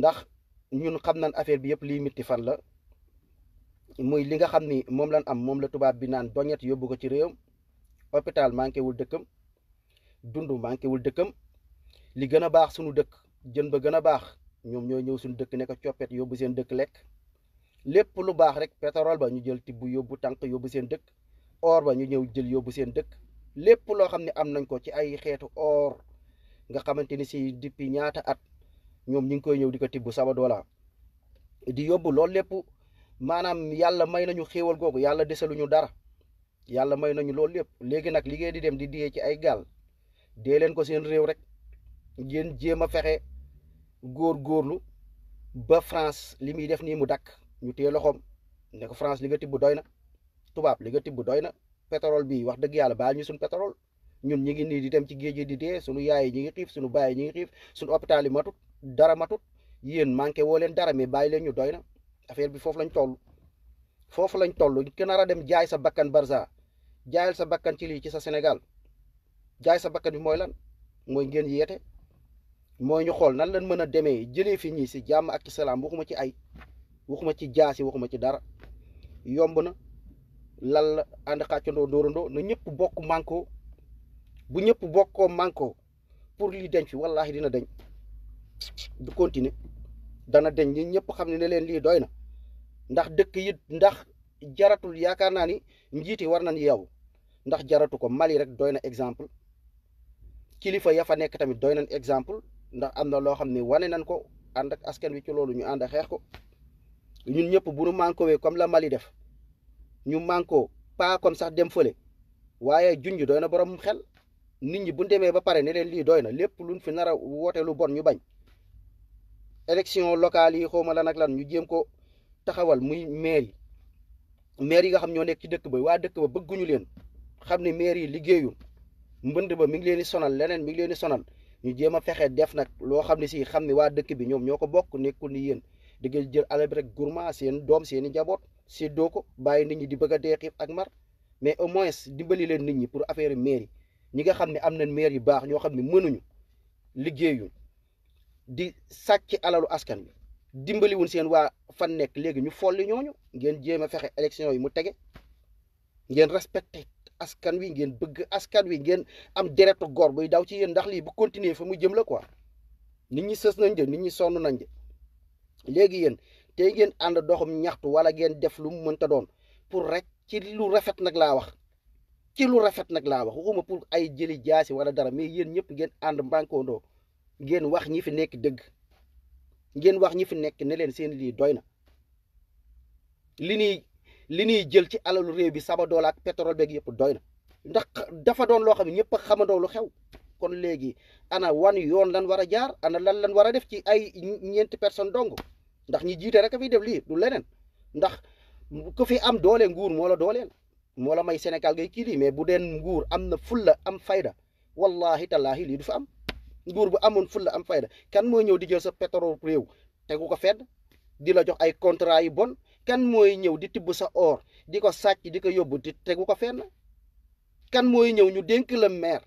ndax ñun xam nañ affaire bi yëpp lii métti fan la muy li nga xam ni moom lañ am moom la tubaab bi naan doñet yóbbu ko ci réew hôpital manqué wul dëkkam dund manqué wul dëkkam li gën a baax suñu dëkk jën ba gën a baax ñoom ñoo ñëw suñu dëkk ne ko coppet yóbbu seen dëkk lekk lépp lu baax rek pétrole ba ñu jël tibb yóbbu tànk yóbbu seen dëkk or ba ñu ñëw jël yóbbu seen dëkk lépp loo xam ne am nañ ko ci ay xeetu or nga xamante ni si depuis ñaata at ñoom ñu ngi koy ñëw di ko tibb sabadoola di yóbbu loolu lépp maanaam yàlla may nañu xéewal googu yàlla desaluñu dara yàlla may nañu loolu lépp léegi nag liggéey di dem di diyee ci ay gaal dee leen ko seen réew rek ngeen jéem a fexe góor-góorlu ba France li muy def nii mu dakk ñu téye loxoom ne ko France li nga tibb doy na tubaab li nga tibb doy na pétrole bi wax dëgg yàlla baa ñu suñ pétrole ñun ñi ngi nii di dem ci géej gi di dee sunu yaay yi ñu ngi xiif suñu baay yi ñu ngi xiif dara matut yéen manqué woo leen dara mais bàyyi leen ñu doy na affaire bi foofu lañ toll foofu lañ toll ki nar a dem jaay sa bakkan Barça jaayal sa bakkan ci lii ci sa senegal jaay sa bakkan bi mooy lan mooy ngeen yeete mooy ñu xool nan lañ mën a demee jëlee fi ñii si jàmm ak ci salaam waxuma ci ay waxuma ci jaasi waxuma ci dara yomb na lal la ànd xàccandoo dóorandoo na ñëpp bokk mankoo bu ñëpp bokkoo manko pour lii denc wallaahi dina deñ du continuer dana deñ ñi ñëpp xam ne ne leen lii doyna ndax dëkk yit ndax jaratul yaakaar naa ni njiit yi war nañ yeewu ndax jaratu ko Mali rek doy na exemple kilifa ya fa nekk tamit doy nañ exemple ndax am na loo xam ne wane nañ ko ànd ak askan wi ci loolu ñu ànd a xeex ko ñun ñëpp bu nu mànkowee comme la Mali def ñu mànkoo pa comme sax dem fële waaye ju doy na borom xel nit ñi bu demee ba pare ne leen lii doy na lépp luñ fi nar a woote lu bon ñu bañ. élection locale yi xawma lan ak lan ñu jéem ko taxawal muy maire yi maire yi nga xam ñoo nekk ci dëkk ba waa dëkk ba bëgguñu leen xam ne maire yi liggéeyul mbënd ba mi ngi leen di sonal leneen mi ngi leen di sonal ñu jéem a fexe def nag loo xam ne si xam ne waa dëkk bi ñoom ñoo ko bokk nekkul ni yéen di ngeen jël alal bi rek gourmand seen doom seen i njaboot séddoo ko bàyyi nit ñi di bëgg a dee xiif ak mar mais au moins dimbali leen nit ñi pour affaire maire yi ñi nga xam ne am na maire yu baax ñoo xam ne mënuñu liggéeyul di sàcc alalu askan wi dimbali seen waa fan nekk léegi ñu folli ñooñu ngeen jéem a fexe élection yi mu tege ngeen respecté askan wi ngeen bëgg askan wi ngeen am deretu góor buy daw ci yéen ndax lii bu continuer fa mu jëm la ko nit ñi sës nañ de nit ñi sonn nañ de léegi yéen te ngeen ànd doxum ñaxtu wala ngeen def lu mu mënta doon pour rek ci lu rafet nag laa wax ci lu rafet nag laa wax waxuma pour ay jëli jaasi wala dara mais yéen ñëpp ngeen ànd mbànkoondoo ngeen wax ñi fi nekk dëgg ngeen wax ñi fi nekk ne leen seen lii doy na li ñuy li ñuy jël ci alalu réew bi sabadool ak pétrole beeg yëpp doy na ndax dafa doon loo xam ne ñëpp a xamandoo lu xew kon léegi ana wan yoon lan war a jaar ana lan lan war a def ci ay ñeenti personne dong ndax ñi jiite rek a fiy def lii du leneen ndax ko fi am doole nguur moo la dooleel moo la may Sénégal ngay kii lii mais bu deen nguur am na fulla am fayda wallahi tallahi lii du fi am nguur bu amoon fulla am fayda kan mooy ñëw di jël sa pétrole réew tegu ko fedd di la jox ay contrat yi bon kan mooy ñëw di tibb sa or di ko sàcc di ko yóbbu di tegu ko fenn kan mooy ñëw ñu dénk la maire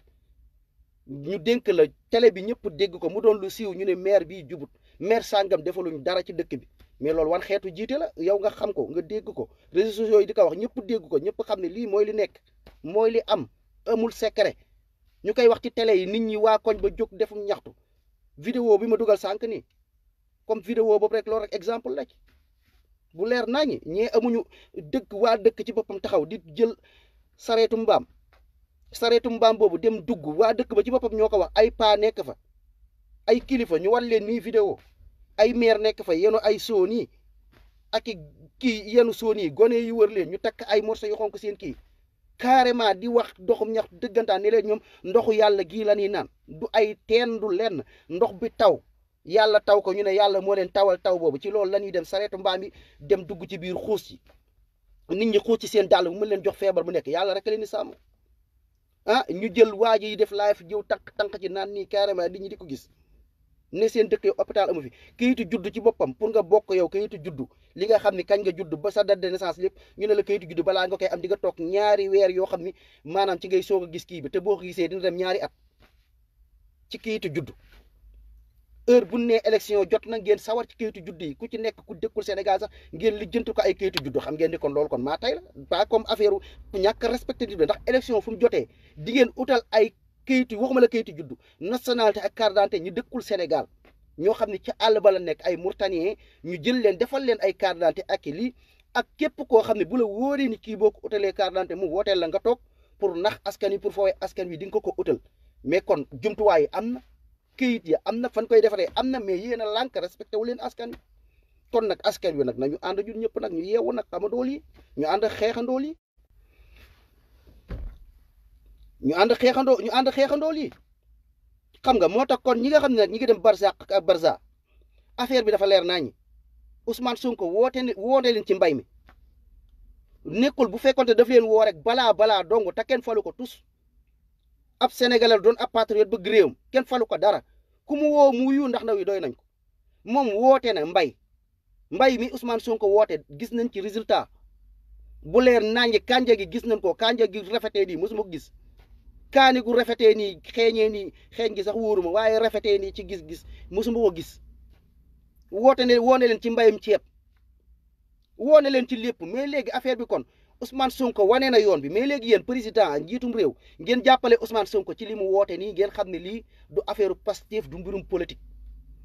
ñu dénk la tele bi ñëpp dégg ko mu doon lu siiw ñu ne maire bii jubut maire sàngam defaluñ dara ci dëkk bi mais loolu wan xeetu jiite la yow nga xam ko nga dégg ko réseaux sociaux yi di ko wax ñëpp dégg ko ñëpp xam ne lii mooy li nekk mooy li am amul secret ñu koy wax ci tele yi nit ñi waa koñ ba jóg defum ñaxtu vidéo bi ma dugal sànq nii comme vidéo boobu rek loolu rek exemple la bu leer naa ñi ñee amuñu dëkk waa dëkk ci boppam taxaw di jël sareetu mbaam sareetu mbaam boobu dem dugg waa dëkk ba ci boppam ñoo ko wax ay paa nekk fa ay kilifa ñu war leen nii vidéo ay maire nekk fa yenu ay soon yi ak i kii yenu soon yi gone yi wër leen ñu takk ay morceau yu xonk seen kii carrément di wax doxum ñax dëggantaan ni leen ñoom ndoxu yàlla gii la naan du ay teen du lenn ndox bi taw yàlla taw ko ñu ne yàlla moo leen tawal taw boobu ci loolu la ñuy dem sareetu mbaam yi dem dugg ci biir xuus yi nit ñi xuus ci seen dàll bu mën leen jox feebar bu nekk yàlla rek leen di sàmm ah ñu jël waaj yi def laa fi jiw tanq tànk ci naan nii carrément di ñu di ko gis ne seen dëkk yow hôpital amu fi kayitu juddu ci boppam pour nga bokk yow kayitu juddu li nga xam ni kañ nga juddu ba sa date de naissance ñu ne la kayitu juddu balaa nga koy am di nga toog ñaari weer yoo xam ni maanaam ci ngay soog gis kii bi te boo ko gisee dina dem ñaari at ci kayitu juddu heure bu nee élection jot na ngeen sawar ci kayitu juddu yi ku ci nekk ku dëkkul Sénégal sax ngeen lijjanti ko ay kayitu juddu xam ngeen ni kon loolu kon maa tey la pas comme affaire ñàkk respecté di ndax élection fu mu jotee di ngeen utal ay kayitu waxuma la kayitu juddu nationalité ak carte d'identité ñu dëkkul Sénégal ñoo xam ne ci àll ba la nekk ay Mauritanien ñu jël leen defal leen ay carte d'identité ak ak képp koo xam ne bu la wóoree ni kii boo ko utalee carte mu wooteel la nga toog pour nax askan wi pour foowee askan wi di nga ko ko utal mais kon jumtuwaay yi am na kayit ya am na fan koy defaree am na mais yéen a lànk respecté wu leen askan wi kon nag askan wi nag nañu ànd ñun ñëpp nag ñu yeewu nag xamandool yi ñu ànd xeexandool yi ñu ànd xeexandoo ñu ànd xeexandoo lii xam nga moo tax kon ñi nga xam ne nag ñi ngi dem Barza ak Barza affaire bi dafa leer naa ñi Ousmane Sonko woote ne woote leen ci mbay mi nekkul bu fekkonte daf leen woo rek balaa balaa dong te kenn falu ko tus ab sénégalais doon ab patriote bëgg réewam kenn falu ko dara ku mu woo mu wuyu ndax na wi doy nañ ko moom woote na mbay mbay mi Ousmane Sonko woote gis nañ ci résultat bu leer naañi kànja gi gis nañ ko kànja gi rafetee di mosuma gis. kaani gu rafetee nii xeeñee ni xeeñ gi sax wóoruma waaye rafetee ni ci gis-gis mosuma ko gis woote ne woone leen ci mbayum ceeb woone leen ci lépp mais léegi affaire bi kon Ousmane Sonko wane na yoon bi mais léegi yéen président njiitum réew ngeen jàppale Ousmane Sonko ci lii mu woote nii ngeen xam ne lii du affaire Pastef du mbirum politique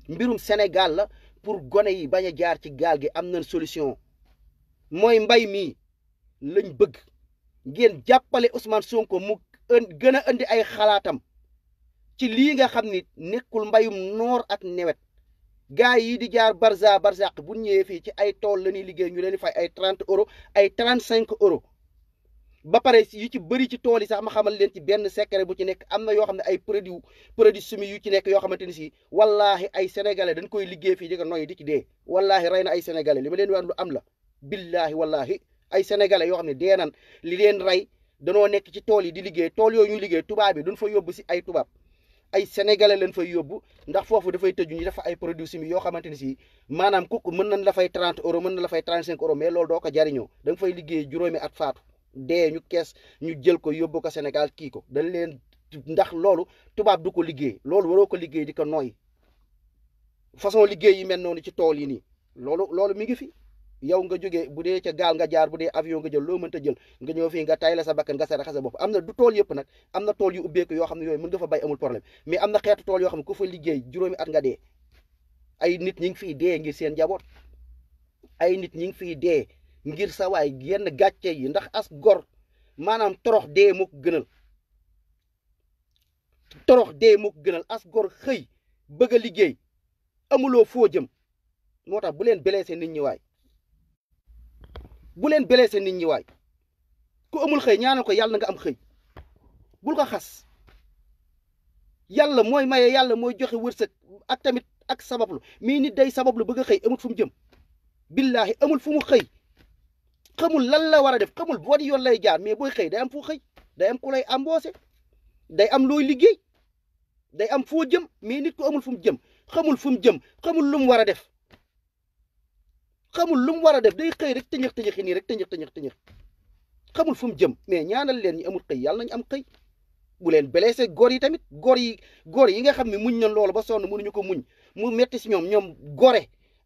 mbirum Sénégal la pour gone yi bañ a jaar ci gaal gi am nañ solution mooy mbay mii lañ bëgg ngeen jàppale Ousmane Sonko mu gën a indi ay xalaatam ci lii nga xam ni nekkul mbayum noor ak nawet gaay yi di jaar barza barzaq bu ñëwee fii ci ay tool la ñuy liggéey ñu leen fay ay trente euros ay trente cinq euros ba pare yu ci bëri ci tool yi sax ma xamal leen ci benn secret bu ci nekk am na yoo xam ne ay produit produit sumi yu ci nekk yoo xamante ni si wallaahi ay sénégalais dañ koy liggéey fi di ko noyyi di ci dee wallaahi rey na ay sénégalais li ma leen wax lu am la billaahi wallaahi ay sénégalais yoo xam ne dee nan li leen rey danoo nekk ci tool yi di liggéey tool yooyu ñuy liggéey tubaab yi duñ fa yóbbu si ay tubaab ay sénégalais lañ fay yóbbu ndax foofu dafay tëju ñu dafa ay produits chimiques yoo xamante ne si maanaam kooku mën nañ la fay trente euros mën na la fay trente cinq euros mais loolu doo ko jariñoo da fay liggéey juróomi at faatu dee ñu kees ñu jël ko yóbbu ko Sénégal kii ko dañ leen ndax loolu tubaab du ko liggéey loolu waroo ko liggéey di ko nooy façon liggéey yi mel noonu ci tool yi nii loolu loolu mi ngi fi. yow nga jógee bu dee ca gaal nga jaar bu dee avion nga jël loo mënta jël nga ñëw fii nga tay sa bakkan nga saraxa sa bopp am na du tool yëpp nag am na tool yu ubbeeku yoo xam ne yooyu mën nga fa bay amul problème mais am na xeetu tool yoo xam ne ku fa liggéey juróomi at nga dee ay nit ñi ngi fiy dee ngir seen njaboot ay nit ñi ngi fiy dee ngir sa yenn gàcce yi ndax as gor maanaam torox dee moo ko torox dee moo ko gënal as gor xëy bëgg a liggéey amuloo foo jëm moo tax bu leen blessé nit ñi waay bu leen blessé nit ñi waay ku amul xëy ñaanal ko yàlla nga am xëy bul ko xas yàlla mooy maye yàlla mooy joxe wërsëg ak tamit ak sabablu mii nit day sabablu bëgg a xëy amul fu mu jëm billaahi amul fu mu xëy xamul lan la war a def xamul boo di yoon lay jaar mais booy xëy day am fu xëy day am ku lay day am looy liggéey day am foo jëm mais nit ko amul fu mu jëm xamul fu mu jëm xamul lu mu war a def xamul lu mu war a def day xëy rek tëñëx tëñëxi nii rek tëñëx tëñëx tëñëx xamul fu mu jëm mais ñaanal leen ñi amul xëy yàlla nañu am xëy bu leen blessé góor yi tamit góor yi góor yi nga xam ne muñ na loolu ba sonn mënuñu ko muñ mu metti si ñoom ñoom gore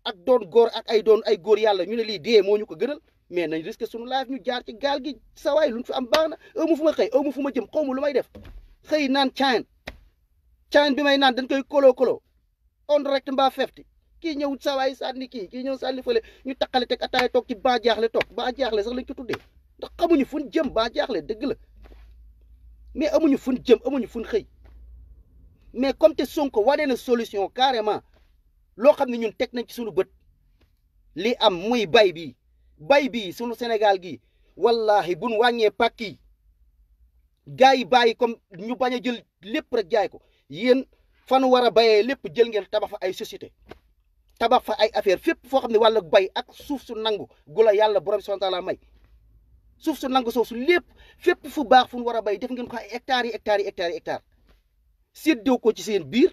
ak doon góor ak ay doon ay góor yàlla ñu ne lii dee moo ñu ko gënal mais nañ risque suñu life ñu jaar ci gaal gi sawaay luñ fi am baax na aw ma fu xëy aw ma fu ma jëm xaw ma lu may def xëy naan caan caan bi may naan dañ koy koloo koloo on direct mbaa fefti kii ñëw sawaay sànni kii kii ñëw sànni fële ñu taqale teg ataaya toog ci baa jaaxle toog baa jaaxle sax lañ ko tuddee ndax xamuñu fun jëm baa jaaxle dëgg la mais amuñu fun jëm amuñu fun xëy mais comme te Sonko wane na solution carrément loo xam ne ñun teg nañ ci suñu bët li am muy bay bi bay bi suñu Sénégal gi wallahi buñ wàññee pàkk yi gars yi bàyyi comme ñu bañ a jël lépp rek jaay ko yéen fan war a bayee lépp jël ngeen tabax fa ay société tabax fa ay affaire fépp foo xam ne wàllu bay ak suuf su nangu gu la yàlla borom subhanahu wa taala may suuf su nangu soosu lépp fépp fu baax fu war a bay def ngeen ko ay hectares yi hectares yi ko ci seen biir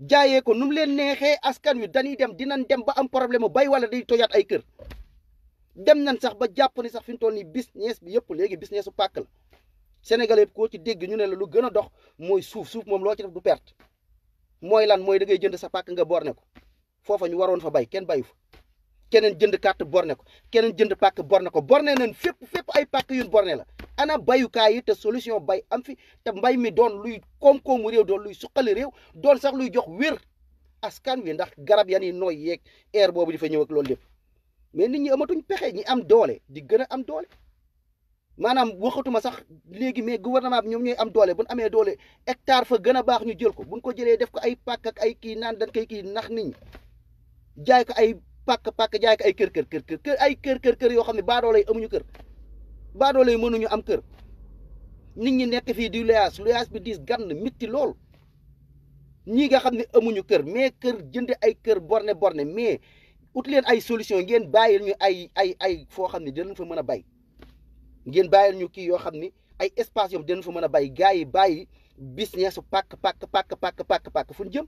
jaayee ko nu leen neexee askan wi dañuy dem dinañ dem ba am problème mu bay wala day tojaat ay kër dem nañ sax ba jàpp ni sax fi mu toll nii business bi yëpp léegi business su pàkk la Sénégal koo ci dégg ñu ne la lu gën a dox mooy suuf suuf moom loo ci def du perte mooy lan mooy dangay jënd sa pàkk nga borne ko. foofa ñu waroon fa bay kenn bayu fa keneen jënd carte borne ko keneen jënd pàkk borne ko borne nañ fépp fépp ay pàkk yu borne la ana bayukaay yi te solution bay am fi te mbay mi doon luy koom-koomu réew doon luy suqali réew doon sax luy jox wér askan wi ndax garab yan yi nooy yeeg air boobu di fa ñëw ak loolu lépp mais nit ñi amatuñ pexe ñi am doole di gën a am doole maanaam waxatuma sax léegi mais gouvernement bi ñoom ñooy am doole bu ñu amee doole hectare fa gën a baax ñu jël ko buñ ko jëlee def ko ay pàkk ay kii naan dañ koy kii nax nit jaay ko ay pàkk pàkk jaay ko ay kër kër kër kër ay kër kër kër yoo xam ne baadoolo yi amuñu kër baadoolo yi mënuñu am kër nit ñi nekk fii di luyaas luyaas bi diis gann mitti lool ñii nga xam ne amuñu kër mais kër jënd ay kër borne borne mais ut leen ay solution ngeen bàyyil ñu ay ay ay foo xam ne dinañ fa mën a bay ngeen bàyyil ñu kii yoo xam ne ay espace yom dinañ fa mën a bay gars yi bàyyi business su pàkk pàkk pàkk pàkk pàkk pàkk fu ñu jëm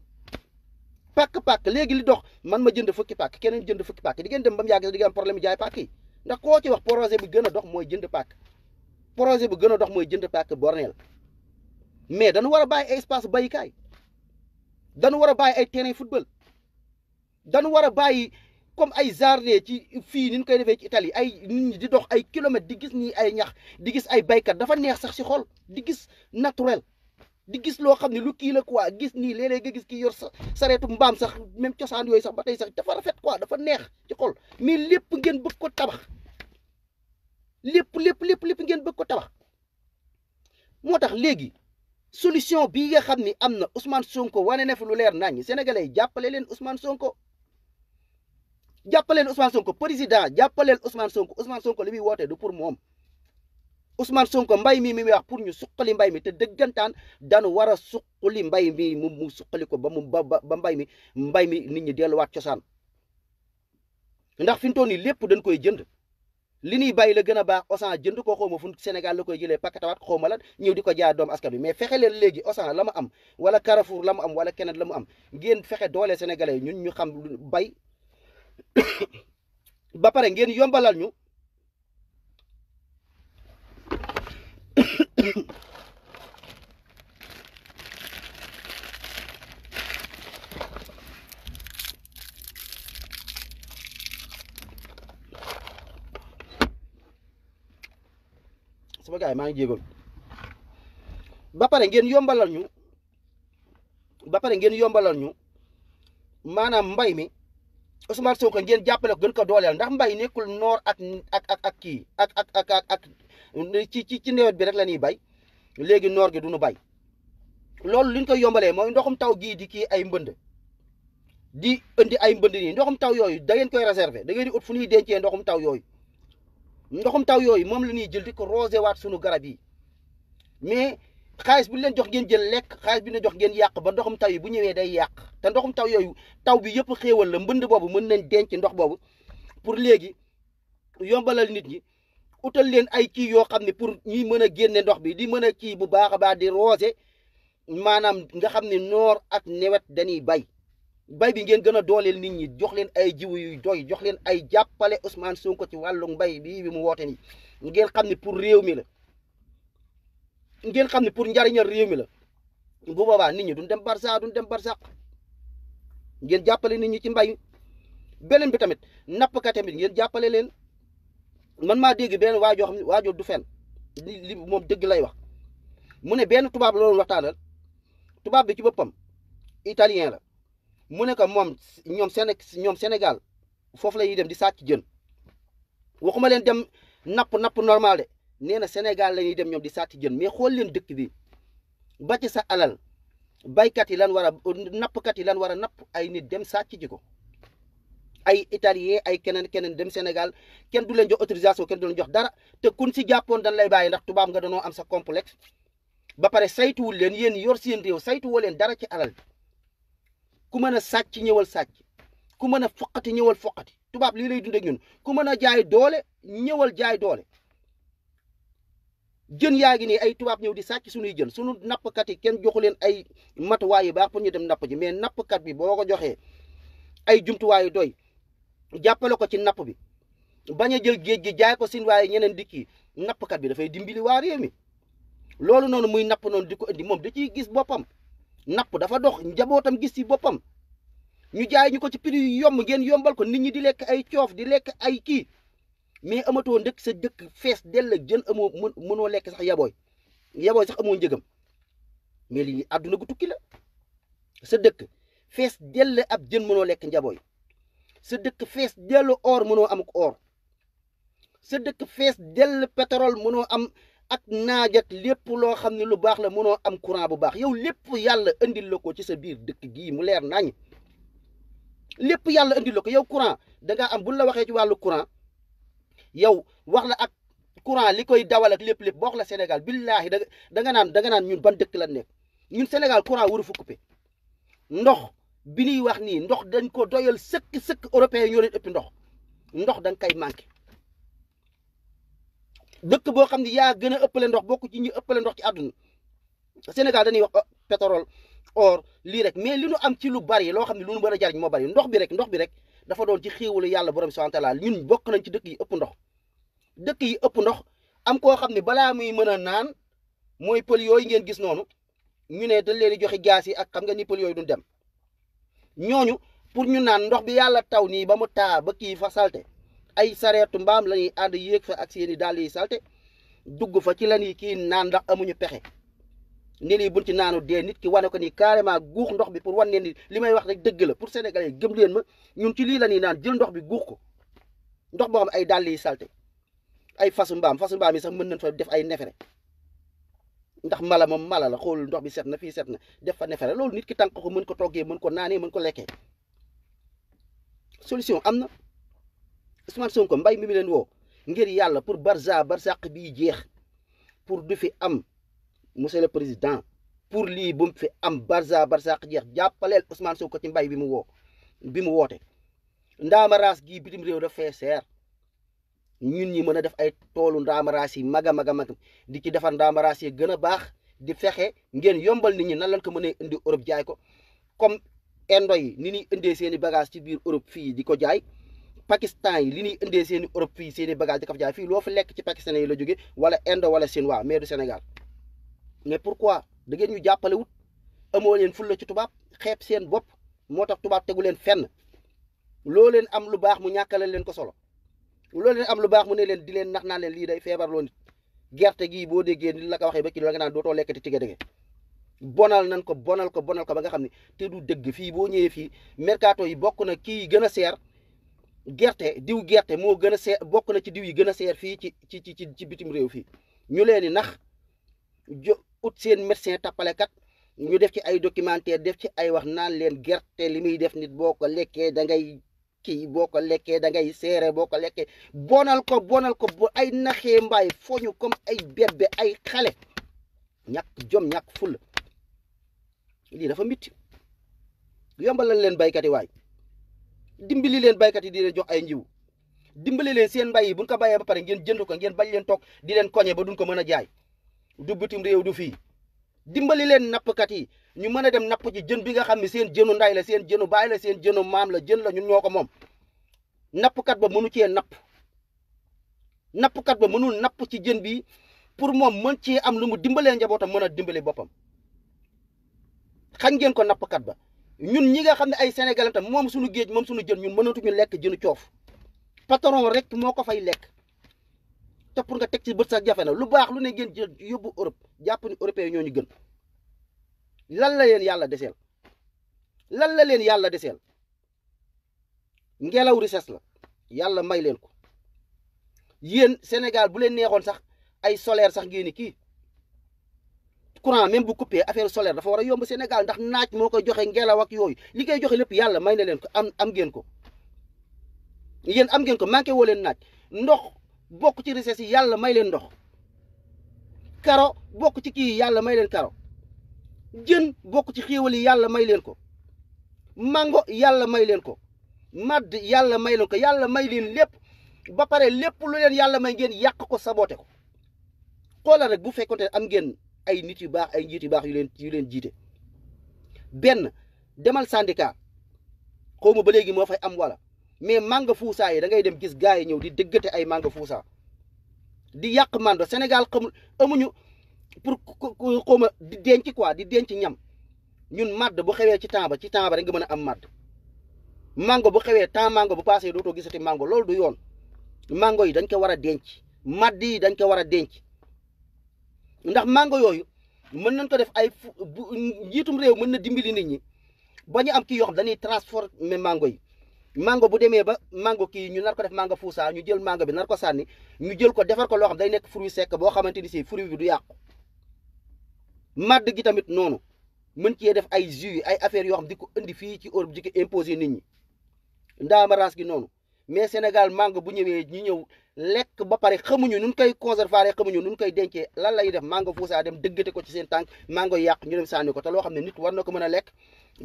pàkk pàkk léegi li dox man ma jënd fukki pàkk keneen jënd fukki pàkk di ngeen dem ba mu yàgg sax di ngeen am problème jaay pàkk yi ndax koo ci wax projet bi gën a dox mooy jënd pàkk projet bi gën a dox mooy jënd pàkk borneel mais dañu war a bàyyi ay bay kay dañu war a bàyyi ay terrain football dañu war a bàyyi comme ay jardin ci fii ni ñu koy defee ci Italie ay nit di dox ay kilomètres di gis nii ay ñax di gis ay baykat dafa neex sax si xol di gis naturel di gis loo xam ne lu kii la quoi gis nii léeg-léeg nga gis ki yor sa sareetu mbaam sax même cosaan yooyu sax ba tey sax dafa rafet waa dafa neex ci xol mais lépp ngeen bëgg ko tabax lépp lépp lépp lépp ngeen bëgg ko tabax moo tax léegi solution bii nga xam ni am na Ousmane Sonko wane ne fi lu leer naññ sénégalais yi jàppale leen Ousmane Sonko. jàppaleen Ousmane Sonko président jàppaleen Ousmane Sonko Ousmane Sonko li muy wootee du pour moom Ousmane Sonko mbay mi mi wax pour ñu suqali mbay mi te dëggantaan dañu war a suqali mbay mi mu mu suqali ko ba mu ba ba mbay mi mbay mi nit ñi delluwaat cosaan ndax fi mu toll nii lépp dañ koy jënd li ñuy bàyyi la gën a baax Auchan jënd ko xaw ma fu Sénégal la koy jëlee pakatawaat xaw ma la ñëw di ko jaay doomu askan bi mais fexe leen léegi Auchan la mu am wala Carrefour la mu am wala keneen la mu am ngeen fexe doole sénégalais ñun ñu xam bay ba pare ngeen yombalal ñu. sama gars yi maa ngi jéegoon ba pare ngeen yombalal ñu ba pare ngeen yombalal ñu maanaam mbay mi Ousmane Sonko ngeen jàppale ko gën ko dooleel ndax mbay nekkul noor ak ak ak ak ak ak ak ci ci ci nawet bi rek la ñuy bay léegi noor gi du ñu bay loolu li ñu koy yombalee mooy ndoxum taw gii di kii ay mbënd di indi ay mbënd nii ndoxum taw yooyu da koy réserver da ngeen di ut dencee ndoxum taw yooyu ndoxum taw yooyu moom la ñuy jël di ko rosé waat sunu garab yi mais xaalis bu leen jox ngeen jël lekk xaalis bi ne jox ngeen yàq ba ndoxum taw yi bu ñëwee day yàq te ndoxum taw yooyu taw bi yëpp xéewal la mbënd boobu mën nañ denc ndox boobu pour léegi yombalal nit ñi utal leen ay kii yoo xam ne pour ñuy mën a génne ndox bi di mën a kii bu baax a baax di roose maanaam nga xam ne noor ak newet dañuy bay bay bi ngeen gën a dooleel nit ñi jox leen ay jiwu yu doy jox leen ay jàppale Ousmane Sonko ci wàllu mbay bii bi mu woote nii ngeen xam ni pour réew mi la ngeen xam ne pour njariñal réew mi la bu boobaa nit ñi duñ dem barsa duñ dem barsaq ngeen jàppale nit ñi ci mbay beneen bi tamit nappkat tamit ngeen jàppale leen. man maa dégg benn waajoo xam ne waajoo du fen li moom dëgg lay wax mu ne benn tubaab la doon tubaab bi ci boppam italien la mu ne ko moom ñoom Séné ñoom Sénégal foofu la ñuy dem di sàcc jën waxuma leen dem napp napp normal de nee na Sénégal la ñuy dem ñoom di sàcc jën mais xool leen dëkk bi ba sa alal baykat yi lan war a nappkat yi lan war a napp ay nit dem sàcc ji ko. ay italien ay keneen keneen dem Sénégal kenn du leen jox autorisation kenn du leen jox dara te kun si jàppoon dañ lay bàyyi ndax tubaab nga danoo am sa complexe ba pare saytuwul leen yéen yor si seen réew saytuwoo leen dara ci alal ku mën a sàcc ñëwal sàcc ku mën a foqati ñëwal foqati tubaab lii lay dundee ñun ku mën a jaay doole ñëwal jaay doole jën yaa ngi nii ay tubaab ñëw di sàcc suñuy jën suñu nappkat yi kenn joxu leen ay matuwaay yu baax pour ñu dem napp ji mais nappkat bi boo ko joxee ay jumtuwaay yu doy jàppale ko ci napp bi bañ a jël géej gi jaay ko sin waaye ñeneen di kii nappkat bi dafay dimbali waa réew mi loolu noonu muy napp noonu di ko indi moom da ciy gis boppam napp dafa dox njabootam gis ci boppam ñu jaay ñu ko ci prix yomb ngeen yombal ko nit ñi di lekk ay coof di lekk ay kii mais amatoo ndëkk sa dëkk fees dell ak jën amoo mën mënoo lekk sax yabooy yabooy sax amoo njëgam mais lii àdduna gu tukki sa dëkk fees dell ab jën mënoo lekk njabooy sa dëkk fees dell or mënoo am or sa dëkk fees dell pétrole mënoo am ak naaj lépp loo xam ne lu baax la mënoo am courant bu baax yow lépp yàlla indil ko ci sa biir dëkk gii mu leer nañ lépp yàlla indil la ko yow courant dangaa am buñ la waxee ci wàll courant yow wax la ak courant li koy dawala lépp lépp boo la Sénégal billaahi da nga naan da nga naan ñun ban dëkk la nekk ñun Sénégal courant waru fa coupé ndox. bi ñuy wax nii ndox dañ ko doyal sëkk sëkk européen yi ñoo leen ëpp ndox ndox da nga koy manqué dëkk boo xam ne yaa gën a ëppale ndox bokk ci ñi ëppale ndox ci àdduna Sénégal dañuy wax oh, pétrole or lii rek mais li nu am ci lu bari loo xam ne lu nu mën a jariñ moo bari ndox bi rek ndox bi rek dafa doon ci xéewalu yàlla borom subhanahu wa taala ñun bokk nañ ci dëkk yi ëpp ndox dëkk yi ëpp ndox am koo xam ne balaa muy mën a naan mooy pël yooyu ngeen gis noonu ñu ne dañ leen joxe gaas yi ak xam nga ni yooyu duñ dem ñooñu pour ñu naan ndox bi yàlla taw nii ba mu taa ba kii fa salte ay sareetu mbaam la ñuy ànd yéeg fa ak seeni dàll yi salte dugg fa ci la ñuy kii naan ndax amuñu pexe ni bun ci naanu dee nit ki wane ko nii carrément guux ndox bi pour wan ne ni li may wax rek dëgg la pour sénégalais gëm leen ma ñun ci lii la naan jël ndox bi guux ko ndox boo xam ay dàll yi salte ay fasu mbaam fasu mbaam yi sax mën nañ fa def ay nefere ndax mala moom mala la xoolul ndox bi set na fii set na def fa nefere loolu nit ki tànk ko mën ko toggee mën ko naanee mën ko lekkee solution am na Ousmane Sonko mbay mi mi leen woo ngir yàlla pour barza barsàq bi jeex pour du fi am monsieur le président pour lii bu fi am barza barsàq jeex jàppaleel Ousmane Sonko ci mbay bi mu woo bi mu woote ndaama raas gii bitim réew de fee seer ñun ñi mën a def ay toolu ndaamaraas yi mag a mag di ci defar ndaamaraas yi gën a baax di fexe ngeen yombal ni ñi nan lañ ko mënee indi Europe jaay ko comme indo yi ni ñuy indee seen i ci biir Europe fii di ko jaay Pakistan yi li ñuy indee seen i fii seen i bagage ko jaay fii loo fi lekk ci Pakistan yi la joge wala indo wala waa mais du Sénégal mais pourquoi da ngeen ñu jàppale amoo leen fulla ci tubaab xeeb seen bopp moo tax tubaab tegu leen fenn loo leen am lu baax mu ñàkkale leen ko solo. loolu leen am lu baax mu ne leen di leen nax naan leen lii day feebar loo nit gerte gi boo déggee ni la ko waxee ba kii la nga naan dootoo lekkati tige dige bonal nan ko bonal ko bonal ko ba nga xam ni te du dëgg fii boo ñëwee fii mercato yi bokk na kii gën a seer gerte diw gerte moo gën a seer bokk na ci diw yi gën a seer fii ci ci ci ci bitim réew fi ñu leen di nax jo ut seen médecin tappalekat ñu def ci ay documentaire def ci ay wax naan leen gerte li muy def nit boo ko lekkee da ngay kii boo ko lekkee da ngay seere boo ko lekkee bonal ko bonal ko bo ay naxee mbaay foñu comme ay bébé ay xale ñàkk jom ñak ful lii dafa mitti yombalal leen baykat yi waay dimbali leen baykat yi di leen jox ay njiw dimbali leen seen mbay yi ko bayee ba pare ngeen jënd ko ngeen bañ leen toog di leen koñe ba duñ ko mën a jaay du bitim réew du fii dimbali leen nappkat yi ñu mën a dem napp ci jën bi nga xam ne seen jënu nday la seen jënu baay la seen jënu maam la jën la ñun ñoo ko moom nappkat ba mënu cee napp nappkat ba mënul napp ci jën bi pour moom mën ci am lu mu dimbalee njabootam mën a dimbale boppam xañ ngeen ko nappkat ba ñun ñi nga xam ne ay sénégalais tam moom suñu géej moom suñu jën ñun mënatuñu lekk jënu coof patron rek moo ko fay lekk te pour nga teg ci bët sax jafe na lu baax lu ne ngeen jël yóbbu Europe jàpp ni européen ñoo ñu gën lan la leen yàlla deseel lan la leen yàlla deseel ngelaw richesse la yàlla may leen ko yéen senegal bu leen neexoon sax ay solaire sax ngeen ni kii courant même bu coupé affaire solaire dafa war a yomb Sénégal ndax naaj moo ko joxe ngelaw ak yooyu li koy joxe lépp yàlla may na leen ko am am ngeen ko yéen am ngeen ko manqué woo leen naaj ndox bokk ci richesse yi yàlla may leen ndox karo bokk ci kii yàlla may leen karo jën bokk ci xéewal yi yàlla may leen ko mango yàlla may leen ko màdd yàlla may leen ko yàlla may leen lépp ba pare lépp lu leen yàlla may ngeen yàq ko sabote ko xoolal rek bu fekkonte ne am ngeen ay nit yu baax ay njiit yu baax yu leen yu leen jiite benn demal sandika xaw ba léegi moo fay am wala mais manga fuusaa yi da ngay dem gis gars yi ñëw di dëggate ay manga fuusaa di yàq mando senegal xamul amuñu pour xaw ma di denc quoi di denc ñam ñun màdd bu xewee ci temps ba ci temps ba rek nga mën a am màdd mango bu xewee temps mango bu passé dootoo gisati mango loolu du yoon mango yi dañ ko war a denc madd yi dañ ko war a denc ndax mango yooyu mën nañ ko def ay bu njiitum réew mën na dimbali nit ñi ba ñu am kii yoo xam dañuy transformer mango yi mango bu demee ba mango kii ñu nar ko def mango fuusa ñu jël mango bi nar ko sànni ñu jël ko defar ko loo day nekk fur fruit sekk boo xamante ni si fruit bi du yàqu madd gi tamit noonu mën cee def ay jus ay affaires yoo xam di ko indi fii ci Europe di ko nit ñi. ndaamaraas gi noonu mais Sénégal mango bu ñëwee ñi ñëw lekk ba pare xamuñu nun koy conserver xamuñu nun koy dencee lan lay def mango fuusaa dem dëggate ko ci seen tànk mango yàq ñu dem sànni loo xam ne nit war na ko mën a lekk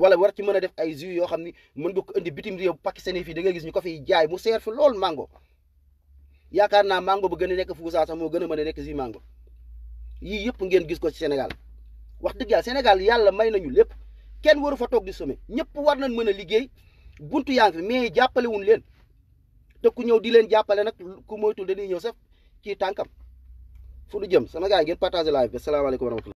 wala war ci mën a def yoo xam ni mën ko indi bitim réew pakistanais fii da ngay gis ñu ko fiy jaay mu seer fi lool mango yaakaar naa mango bu gën a nekk fuusaa sax moo gën a mën nekk jus mango yii yëpp ngeen gis ko ci Sénégal wax dëgg yàlla Sénégal yàlla may nañu lépp kenn waru fa toog di sommet ñëpp war nañ mën a liggéey buntu yaa ngi fi mais jàppale wuñ leen te ku ñëw di leen jàppale nag ku moytul dañuy ñëw sax ci tànkam fu nu jëm sama gars yi ngeen partagé live bi salaamaaleykum wa rahmatulah.